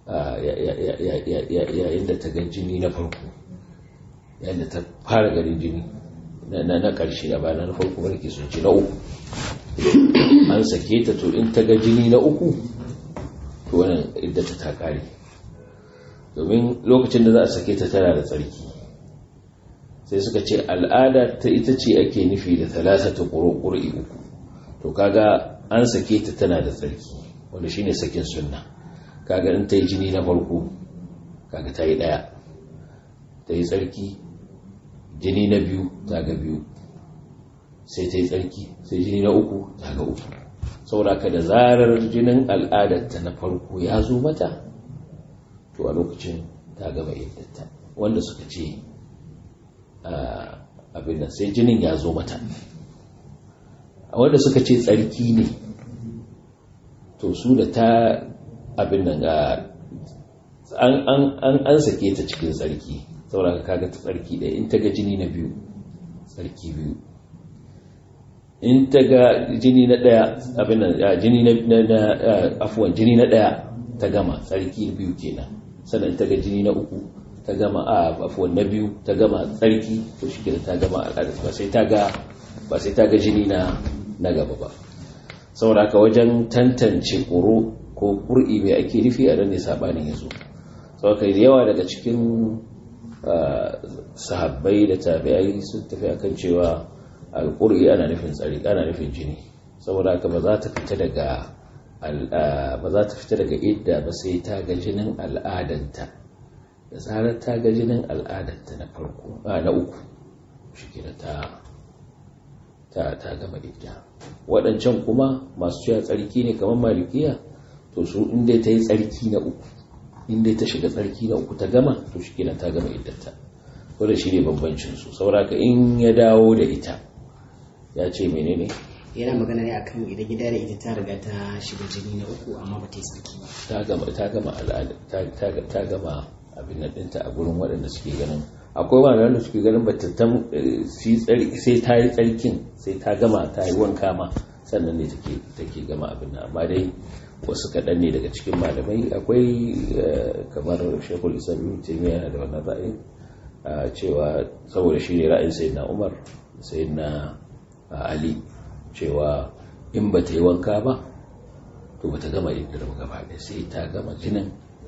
yayin da ta ga jini na farko yayin da ta fara ganin jini na ƙarshe da bayan na farko wani ke sun ci na uku an sake ta to in ta ga jini na uku to wannan idda ta kare domin lokacin da za a sake ta tana da tsarki sai suka ce al'ada ta ita ce ake nufi da talata ƙuri uku to kaga an sake ta tana da tsarki wanda shine sakin sunna kaga in ta yi jini na farko kaga ta yi ɗaya ta yi tsarki jini na biyu ta ga biyu sai ta yi tsarki sai jini na uku ta ga uku sauraka da zarar jinin al'adarta na farko ya zo mata to a lokacin ta gama yadda wanda suka ce abin sai jinin ya zo mata wanda suka ce tsarki ne to su da ta abin nan ga ah, an an, sake ta cikin tsarki saboda kaga ta tsarki da in ta ga jini na biyu tsarki biyu in ta ga jini na daya abin nan ya ah, jini na na, ah, afuwan jini na daya ta gama tsarki biyu kenan sannan ta ga jini na uku ta gama a afuwan na biyu ta gama tsarki to shi ta gama al'adar ba sai ta ga ba sai ta ga jini na na gaba ba saboda ka wajen tantance ƙuro ko ƙur'i mai ake rufi a ranar ne saɓanin ya zo yawa daga cikin ah, sahabbai da tabi'ai sun tafi akan cewa alƙur'i ana nufin tsari ana nufin jini saboda haka ba za ta fita daga ah, ba za ta fita daga idda ba sai ta ga jinin al'adanta da tsarar ta ga jinin al'adanta na farko ah, na uku shi ta ta gama idda waɗancan kuma masu cewa tsarki ne kamar malikiya to su inda ta yi tsarki na uku inda ta shiga tsarki na uku ta gama to shi kina ta gama iddarta da shi ne bambancin su ka in ya dawo da ita ya ce menene yana magana ne akan idan gida da ita ta riga ta shiga jini na uku amma ba ta yi tsarki ba ta gama ta gama al'ada ta gama abin nan dinta a gurin waɗanda suke ganin akwai malaman da suke ganin ba ta sai ta yi tsarkin sai ta gama ta yi wanka ma sannan ne take gama abin nan amma dai wasu kaɗan ne daga cikin malamai akwai eh, kamar shekul isa biyu taymiya yana da wannan ra'ayin ah, cewa saboda shi ne ra'ayin na umar na ah, ali cewa in ba ta yi wanka ba to ba ta gama ba gaba ɗaya sai ta gama jinin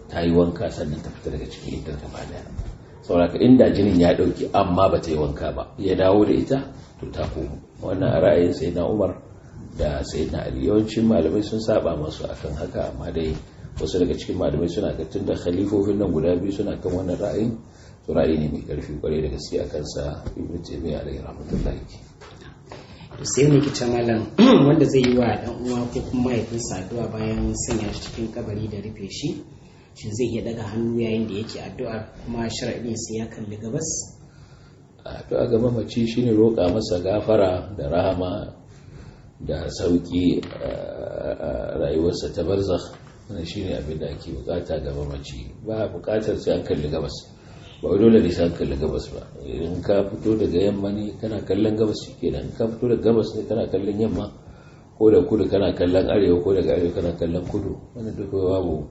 ta yi wanka sannan ta fita daga cikin iddar gaba ɗaya sauraka inda jinin ya ɗauki amma ba ta yi wanka ba ya dawo da ita to ta komo wannan ra'ayin na umar da sai na yawancin malamai sun saba masu akan haka amma dai wasu daga cikin malamai suna ga da khalifofin nan guda biyu suna kan wannan ra'ayin to ra'ayi ne mai karfi kwarai da gaske akan sa ibnu taymiya alayhi rahmatullahi to sai ne kice malam wanda zai yi wa dan uwa ko kuma mahaifin saduwa bayan sanya shi cikin kabari da rufe shi shin zai iya daga hannu yayin da yake addu'a kuma shar'in sai ya kalli gabas addu'a ga mamaci shine roƙa masa gafara da rahama da sauƙi rayuwarsa ta barzakh shi shine abin da ake bukata ga mamaci ba bukatar sai an kalli gabas ba dole ne sai an kalli gabas ba in ka fito daga yamma ne kana kallon gabas shikenan ka fito daga gabas ne kana kallon yamma ko da kudu kana kallon arewa ko daga arewa kana kallon kudu wani duk babu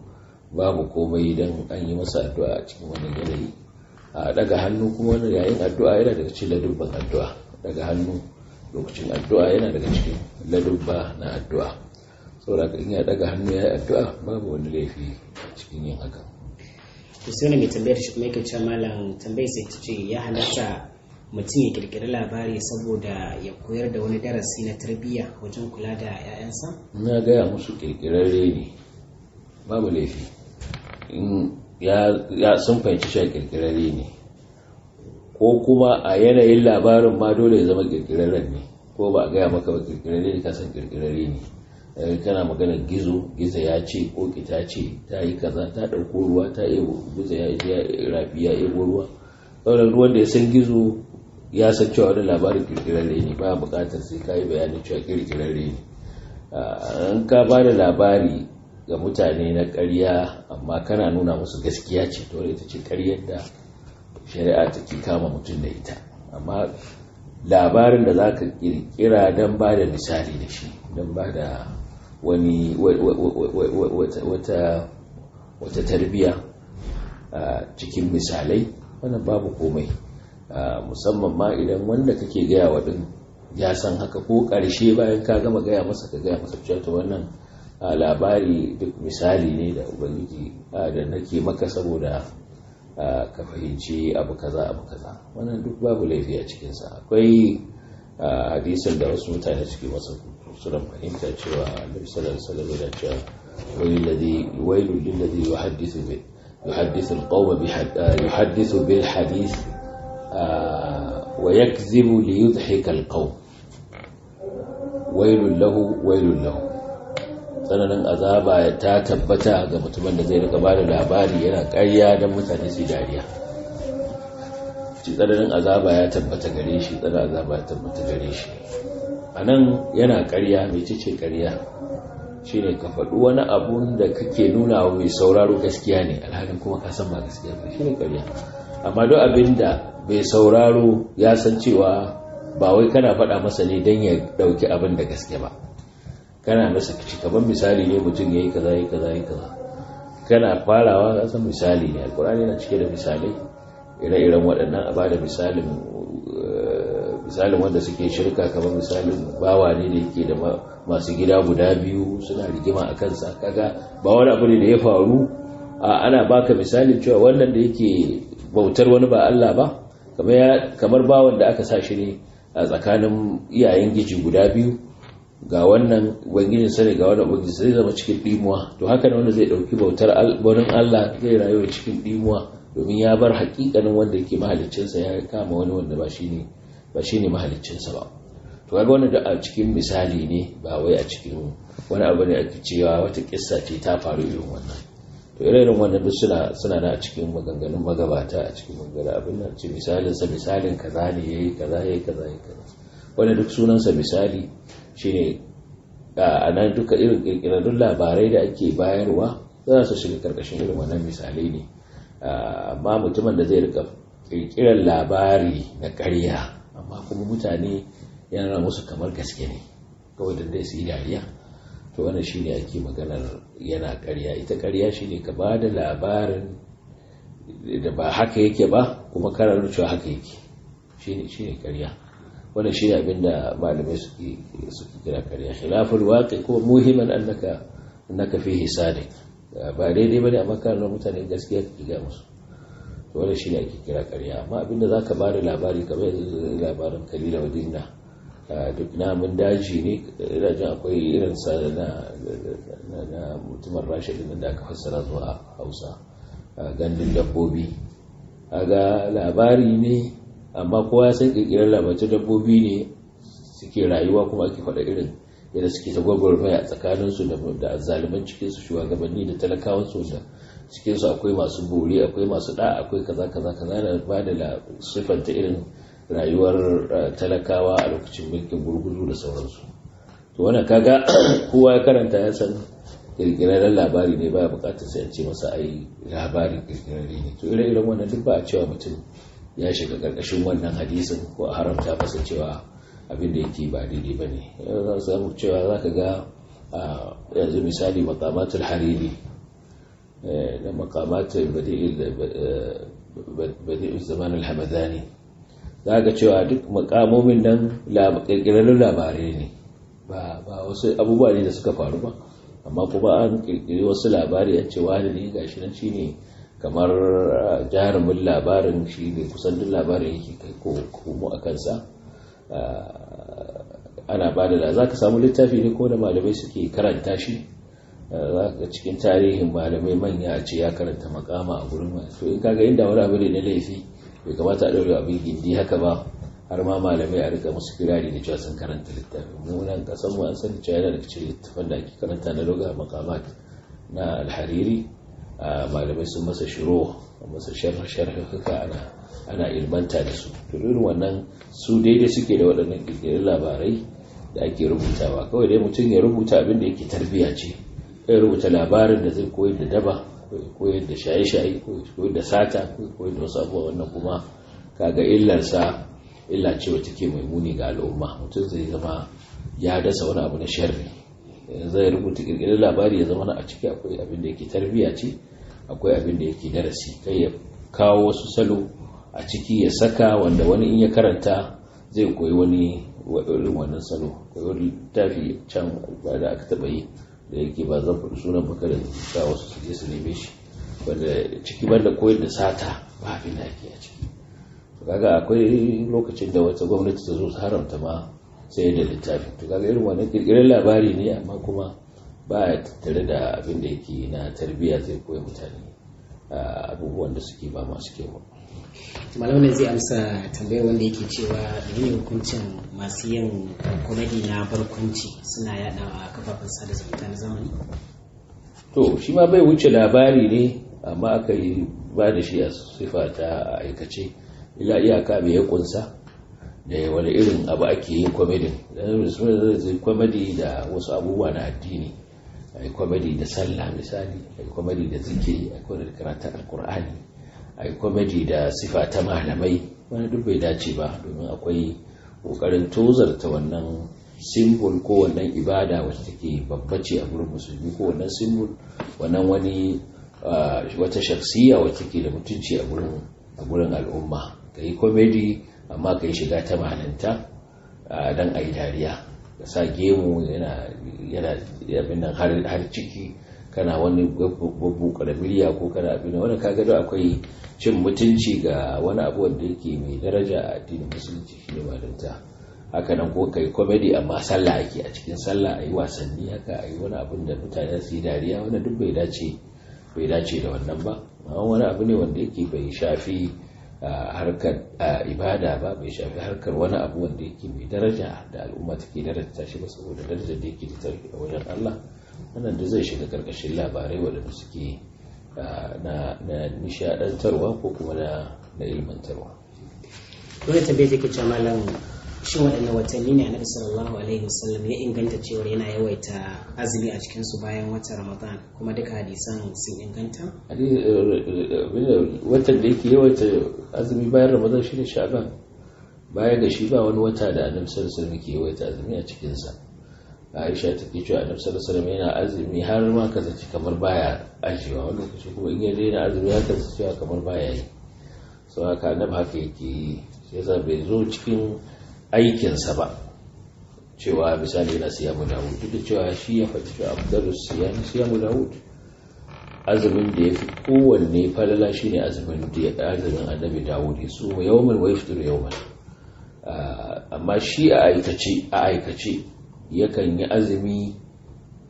babu komai idan an yi masa addu'a a cikin wani yanayi a daga hannu kuma wani yayin addu'a yana daga cikin ladubban addu'a daga hannu lokacin addu'a yana daga cikin ladubba na addu'a saboda in ya daga hannu ya yi addu'a babu wani laifi cikin yin haka to wani mai tambayar shi kuma yake cewa malam tambayar sai ta ce ya halatta mutum ya kirkiri labari saboda ya koyar da wani darasi na tarbiyya wajen kula da 'ya'yansa? na gaya musu kirkirarre ne babu laifi ya sun fahimci shi kirkirarre ne ko kuma a yanayin labarin ma dole ya zama kirkirarren ne ko ba a gaya maka ba kirkirarre ne kasan kirkirarre ne kana eh, magana gizo gizo ya ce ko kita ce ta yi kaza ta ɗauko ruwa ta iya gizo ya rafi ya yi ruwa sauran ruwan da ya san gizo ya san cewa wani labarin kirkirarre ne ba buƙatar sai ka yi bayanin cewa kirkirarre ne an ah, ka ba da labari ga mutane na karya amma kana nuna musu gaskiya ce to ita ce ƙaryar da shari'a ke kama mutum da ita amma labarin da za ka kirkira don ba da misali da shi don ba da wani wata tarbiya cikin misalai wannan babu komai musamman ma idan wanda kake gaya wa ya san haka ko ƙarshe bayan ka gama gaya masa ka gaya masa cewa ta wannan labari duk misali ne da ubangiji da nake maka saboda ka fahimci abu kaza abu kaza wannan duk babu laifi a cikinsa akwai hadisin da wasu mutane suke wasu suna fahimta cewa annabi sallallahu alaihi da cewa wailu lil ladhi yuhaddithu bi yuhaddithu al-qawm bi yuhaddithu bil hadith wa yakzibu li yudhhika al-qawm lahu wailun lahu tsananin azaba ta tabbata ga mutumin da zai rika ba da labari yana karya don mutane su dariya ci tsananin azaba ya tabbata gare shi tsananin azaba ya tabbata gare shi a nan yana ƙarya mai cice ƙarya shi ne ka faɗi wani abun da kake nuna wa mai sauraro gaskiya ne alhalin kuma ka san ba gaskiya ba shi ne ƙarya amma duk abin da mai sauraro ya san cewa ba wai kana faɗa masa ne don ya ɗauki abin da gaske ba kana masa kici kaman misali ne mutum yayi kaza yayi kaza yayi kaza kana farawa ka san misali ne alkurani yana cike da misalai ire-iren waɗannan a bada misalin eh, misalin wanda suke shirka kamar misalin bawa ne da yake da masu gida guda biyu suna rigima a kansa kaga ba wani abu ne da ya faru ana baka misalin cewa wannan da yake bautar wani ba Allah ba kamar bawan da aka sa shi ne a tsakanin iyayen giji guda biyu ga wannan ubangijin sa ga wannan ubangijin zai zama cikin dimuwa to haka ne wanda zai dauki bautar wurin Allah zai rayuwa cikin dimuwa domin ya bar hakikanin wanda yake mahaliccinsa sa ya kama wani wanda ba ne ba shine sa ba to kaga wannan da a cikin misali ne ba wai a cikin wani abu ne ake cewa wata kissa ce ta faru irin wannan to irin wannan duk suna suna da a cikin maganganun magabata a cikin maganganun abin nan ce misalin sa misalin kaza ne yayi kaza yayi kaza yayi duk sunansa misali shine a nan duka irin kirkirarrun labarai da ake bayarwa za su shiga karkashin irin wannan misali ne amma mutumin da zai rika kirkirar labari na ƙarya amma kuma mutane yana musu kamar gaske ne kawai da su yi dariya to wannan shine ake maganar yana ƙarya ita ƙarya shine ka ba da labarin da ba haka yake ba kuma karar cewa haka yake shine ne ƙarya wanda shi ne abinda malamai suke suke kira kariya khilaful waqi ko muhimman annaka annaka fihi sadiq ba daidai bane amma kana mutane gaskiya kike ga musu to wanda shi ne ake kira kariya amma abinda zaka bada labari kamar labarin kalila wadinna duk namun daji ne ina jin akwai irin sa na na mutumar rashidin da aka fassara zuwa hausa gandun dabbobi aga labari ne amma kowa ya san kirkirar labarci dabbobi ne suke rayuwa kuma ake faɗa irin yadda suke ta gwagwarmaya tsakanin tsakaninsu da zaliman cikin shugabanni da talakawan su da cikin akwai masu bori akwai masu da akwai kaza kaza kaza da ba da sifanta irin rayuwar eh, talakawa a lokacin mulkin gurguzu da sauransu to wannan kaga kowa ya karanta ya san kirkirar labari ne ba baya bukatar sai an ce masa ai labarin kirkirar ne to ire-iren wannan duk ba a cewa mutum ya shiga ƙarƙashin wannan hadisin ko a haramta masa cewa abinda da yake ba daidai ba ne za mu cewa za ka ga yanzu misali makamatul hariri eh, da makamatul eh, badi'ul zaman alhamadani za ka cewa duk makamomin nan ƙirƙirarrun labarai ne ba wasu abubuwa ne da suka faru ba amma kuma an ƙirƙiri wasu labari a cewa da ne gashi nan shi ne kamar ah, jarumin labarin shi ne kusan duk labarin yake kai ko kuma a kansa ah, ana ba da za ka samu littafi ne ko da malamai suke karanta shi ah, za ka cikin tarihin malamai manya a ce ya karanta makama a gurin to in kaga inda wani abu ne na laifi bai kamata a ɗaure abin gindi haka ba har ma malamai a rika musu kirari da cewa sun karanta littafi mu nan kasan mu an sani cewa yana da cikin littafan da ake karanta na loga makamat na alhariri malamai sun masa shiro masa sharhuka ana ana ilmanta da su to irin wannan su daidai suke da waɗannan kirkirar labarai da ake rubutawa kawai dai mutum ya rubuta abin da yake tarbiya ce ya rubuta labarin da zai koyar da daba koyar da shaye-shaye koyar da sata koyar da wasu abubuwa wannan kuma kaga illarsa illa ce wata ke mai muni ga al'umma mutum zai zama ya dasa wani abu na sharri zai rubuta kirkirar labari ya zama a ciki akwai abin da yake tarbiya ce akwai abin da yake darasi kai ya kawo wasu salo a ciki ya saka wanda wani in ya karanta zai koyi wani irin wannan salo koyi wani littafi can ba da aka taba yi da yake ba zan faɗi sunan baka da sa wasu su je su neme shi wanda ciki banda koyar da sata ba abin da ake a ciki kaga akwai lokacin da wata gwamnati ta zo su haramta ma sai da littafi to kaga irin wannan kirkirar labari ne amma kuma ba ya tattare da abin da yake na tarbiyya zai koya mutane abubuwan da suke ba masu kyau malamin zai amsa tambayar wanda yake cewa ne hukuncin masu yin komedi na barkwanci suna a kafafen sada zumunta na zamani to shi ma bai wuce labari ne amma aka yi ba da shi a sifa ta aikace ila iyaka mai ya kunsa da wani irin abu ake yin kwamedin da da wasu abubuwa na addini a yi kwamadi da sallah misali a yi kwamadi da zikiri a yi da karatun alkur'ani a yi kwamadi da sifa ta malamai wani duk bai dace ba domin akwai kokarin tozarta wannan simbol ko wannan ibada wacce take babbace a gurin musulmi ko wannan simbol wannan wani ah, wata shaksiya wacce take da mutunci a gurin al'umma ka yi komedi amma ka yi shiga ta malanta ah, don a yi dariya da sa gemu yana yana abin nan har ciki kana wani babu karamiliya ko kana abin wani kaga da akwai cin mutunci ga wani abu wanda yake mai daraja a addinin musulunci shine malinta haka nan ko kai komedi amma sallah ake a cikin sallah ayi wasanni haka ayi wani abin da mutane su yi dariya wani duk bai dace da wannan ba amma wani abu ne wanda yake bai shafi harkar ibada ba bai shafi harkar wani abu wanda yake mai daraja da al'umma take daraja shi ba saboda darajar da yake da wajen Allah wannan da zai shiga karkashin labarai waɗanda suke na nishadantarwa ko kuma na ilmantarwa. Dole take cewa malam shi waɗanne watanni ne annabi sallallahu alaihi wasallam ya inganta cewar yana yawaita azumi a cikin su bayan watan ramadan kuma duka hadisan sun inganta eh, eh, eh, watan da yake yawaita azumi bayan ramadan shi ne sha'ban baya ga shi ba wani wata da annabi sallallahu alaihi wasallam ke yawaita azumi a cikin sa Aisha ta ke cewa annabi sallallahu alaihi wasallam yana azumi har ma kasance kamar baya ajiyewa wani lokaci kuma in ya daina azumi ya cewa kamar baya yi sau haka annabi haka yake yi sai zabe zo cikin aikinsa ba cewa misali yana siyamu da duk da cewa shi ya faɗi cewa abdullu siyamu siyamu dawud azumin da ya fi kowanne falala shi ne azumin annabi dawud ya so wa yaftur yawman ah, amma shi a aikace a aikace yakan yi azumi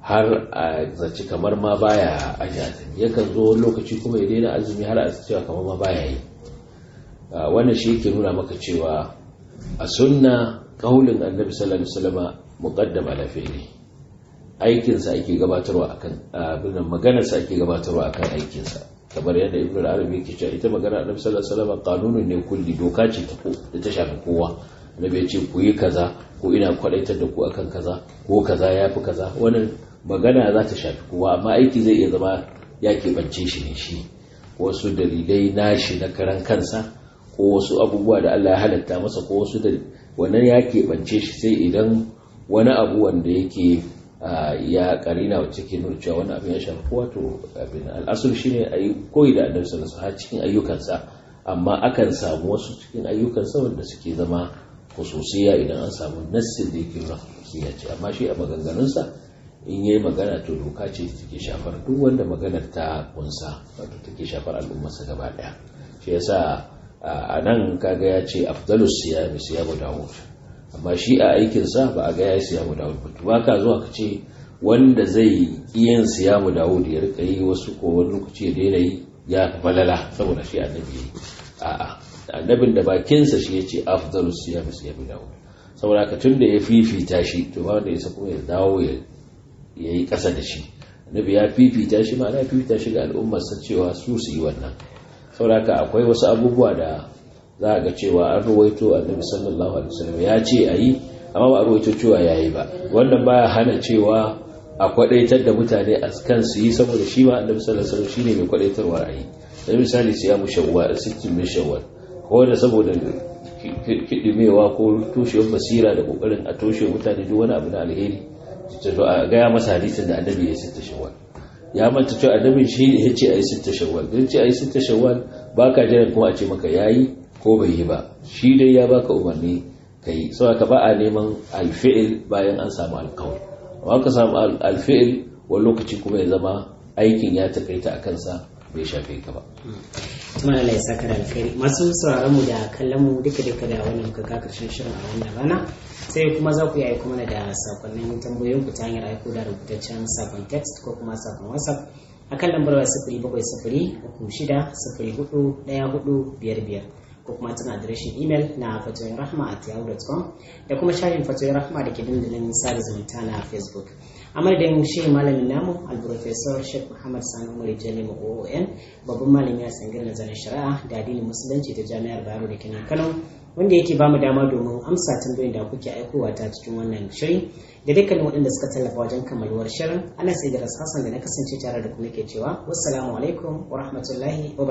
har a zaci kamar ma baya aji azumi yakan zo lokaci kuma ya daina azumi har a zaci kamar ma baya yi ah, wannan shi yake nuna maka cewa a sunna kaulin annabi sallallahu alaihi wasallam muqaddama ala fi'li aikin sa ake gabatarwa akan abin magana sa ake gabatarwa akan aikin sa kamar yadda ibnu al-arabi yake cewa ita magana annabi sallallahu alaihi wasallam kanunu ne kulli doka ce ta da ta shafi kowa annabi ya ce ku yi kaza ko ina kwadaitar da ku akan kaza ko kaza yafi kaza wannan magana za ta shafi kowa amma aiki zai iya zama ya keɓance shi ne shi wasu dalilai nashi na karan kansa ko wasu abubuwa da Allah ya halatta masa ko wasu da wannan ya keɓance shi sai idan wani abu wanda yake ya karina wacce ke nuna cewa wani abin ya shafi kowa to abin al'asul shine yi koyi da annabi sallallahu cikin ayyukansa amma akan samu wasu cikin ayyukansa wanda suke zama khususiya idan an samu nassin da yake nuna khususiya ce amma shi a maganganunsa in yi magana to doka ce take shafar duk wanda maganar ta kunsa wato take shafar al'ummarsa gaba ɗaya, shi yasa a nan kaga ya ce afdalu siyami siyamu dawud amma shi a aikin sa ba a ga ya siyamu dawud ba ba ka zuwa ka ce wanda zai yin siyamu dawud ya rika yi wasu ko wani lokaci da yanayi ya balala saboda shi annabi a'a annabin da bakinsa shi ya ce afdalu siyami siyamu dawud saboda ka tun da ya fifita shi to ba wanda ya sa kuma ya dawo ya yi ƙasa da shi annabi ya fifita shi ma na fifita shi ga al'ummar sa cewa su su yi wannan sauraka akwai wasu abubuwa da za a ga cewa an ruwaito annabi sallallahu alaihi wasallam ya ce ayi amma ba a ruwaito cewa yayi ba wannan baya hana cewa a kwadaitar da mutane a kan su yi saboda shi ma annabi sallallahu alaihi wasallam shine mai kwadaitarwa a yi misali sai ya mu a min shawwa ko da saboda kidimewa ko toshewar basira da kokarin a toshe mutane duk wani abu na alheri to a ga ya masa hadisin da annabi ya sitta shawwa ya manta cewa annabin shi ne ya ce a yi sitta shawwal don ce a yi sitta shawwal ba ka jiran kuma a ce maka ya yi ko bai yi ba shi dai ya baka umarni ka yi sau ka ba a neman alfi'il bayan an samu alkawal amma ka samu alfi'il wani lokaci kuma ya zama aikin ya takaita a kansa bai shafe ka ba. Tuna Allah ya saka da alkhairi masu sauraron mu da kallon mu duka duka da wannan ka karshen shirin a wannan rana. sai kuma za ku yi kuma mana da sakonnin tambayoyin ku ta hanyar aiko da rubutaccen sakon text ko kuma sakon whatsapp akan lambar waya sifiri bakwai sifiri uku shida sifiri hudu daya hudu biyar biyar ko kuma tana adireshin imel na fatoyin rahma at yahoo.com da kuma shafin fatoyin rahma da ke dandalin sada zumunta na facebook a madadin shi malamin namu alburofesor sheikh muhammad sani umar jalim oon babban malami a na zanen shari'a da addinin musulunci ta jami'ar bayero da kinan kano wanda yake mu dama domin amsa tambayoyin da kuke aikowa ta cikin wannan shirin da dukkanin waɗanda suka tallafa wajen kammaluwar shirin ana sai da hassan da na kasance tare da kuma ke cewa wassalamu alaikum wa rahmatullahi wa